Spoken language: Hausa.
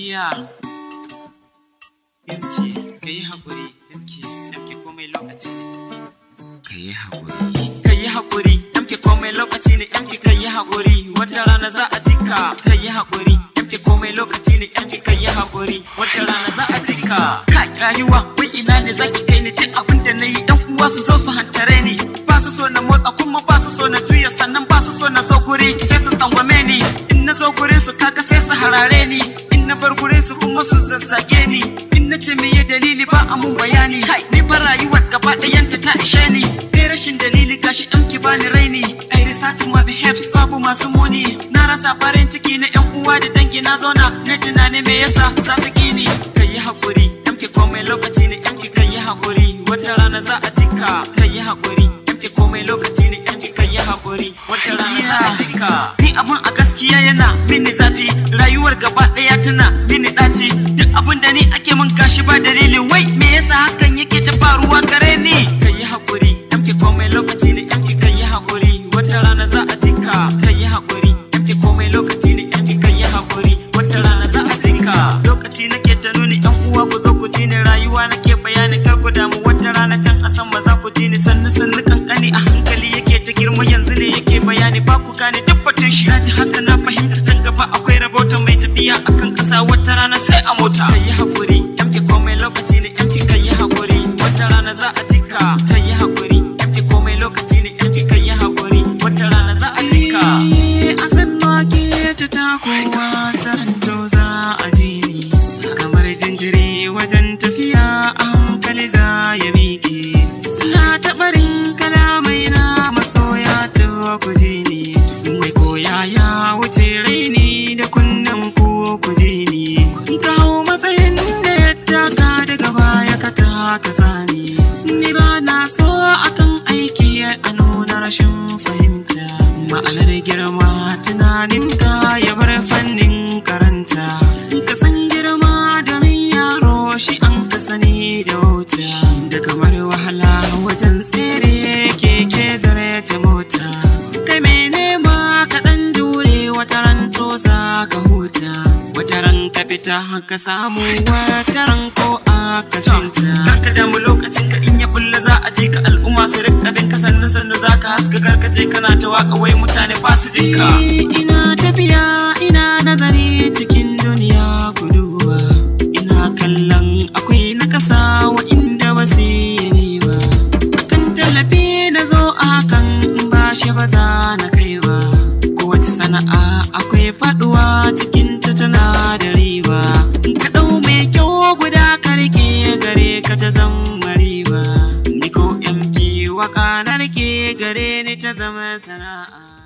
Maria MK, ka yi haƙuri, MK, MK komai lokaci ne. Ka yi haƙuri. Ka yi haƙuri, MK komai lokaci ne, MK ka yi haƙuri, wata rana za a jika. Ka yi haƙuri, MK komai lokaci ne, MK ka yi haƙuri, wata rana za a jika. Ka rayuwa, wai ina ne zaki kai ni duk abin da na yi ɗan uwa su zo su hantare ni. Ba su so na motsa kuma ba su so na juya sannan ba su so na zo guri sai su tsangwame ni. In na zo gurin su kaga sai su harare ni. in na bar gurin su kuma su zazzage ni in na ce meye dalili ba a mun bayani ni ba rayuwar gaba ɗayanta ta ishe ni dai rashin dalili kashi ɗan ki bani raini ai risati ma bi heps babu masu muni na rasa farin ciki na ƴan uwa da dangi na zauna na tunani me yasa za su ki ni kai hakuri ɗan ki komai lokaci ne ɗan ki kai hakuri wata rana za a cika kai hakuri ɗan ki komai lokaci ne ɗan ki kai hakuri wata rana za a cika ni abun a tuna mini ɗaci duk abin da ni ake min gashi ba dalili wai me yasa hakan yake ta faruwa gare ni kan yi hakuri yamke komai lokaci ne yamke kan yi hakuri wata rana za a jika kan yi hakuri yamke komai lokaci ne yamke kan yi hakuri wata rana za a jika lokaci nake ta nuni yan uwa ku zo ku ji ni rayuwa nake bayani kar ku damu wata rana can a san ba za ku ji ni sannu sannu kankani a hankali yake ta girma yanzu ne yake bayani ba ku gane duk batun shi na haka na fahimta can gaba akwai rabota mai tafiya akan sa wata rana sai a mota ka yi hakuri MK komai lokaci ne MK ka yi hakuri wata rana za a cika ka yi hakuri MK komai lokaci ne MK ka yi hakuri wata rana za a cika a san maki ta ta kowa ta hanto za a ji nisa kamar jinjiri wajen tafiya a hankali za ya miƙe guje ni kawo matsayin da ya taka daga baya ka taka sani ni ba na so akan aiki a nuna rashin fahimta ma'anar girma tunaninka ya bar fanni ran ka fita ka samu wata ran ko a kasinta karka damu lokacin ka in ya bulla za a je ka al'umma su rika bin ka sannu sannu za ka haska karkace kana ta waka wai mutane ba su jin ka eh, ina tafiya ina nazari cikin duniya guduwa ina kallon akwai na kasa wa inda ba su yi ba kan talabi na zo a kan ba shi ba za na Waka ke gare ni ta zama sana'a.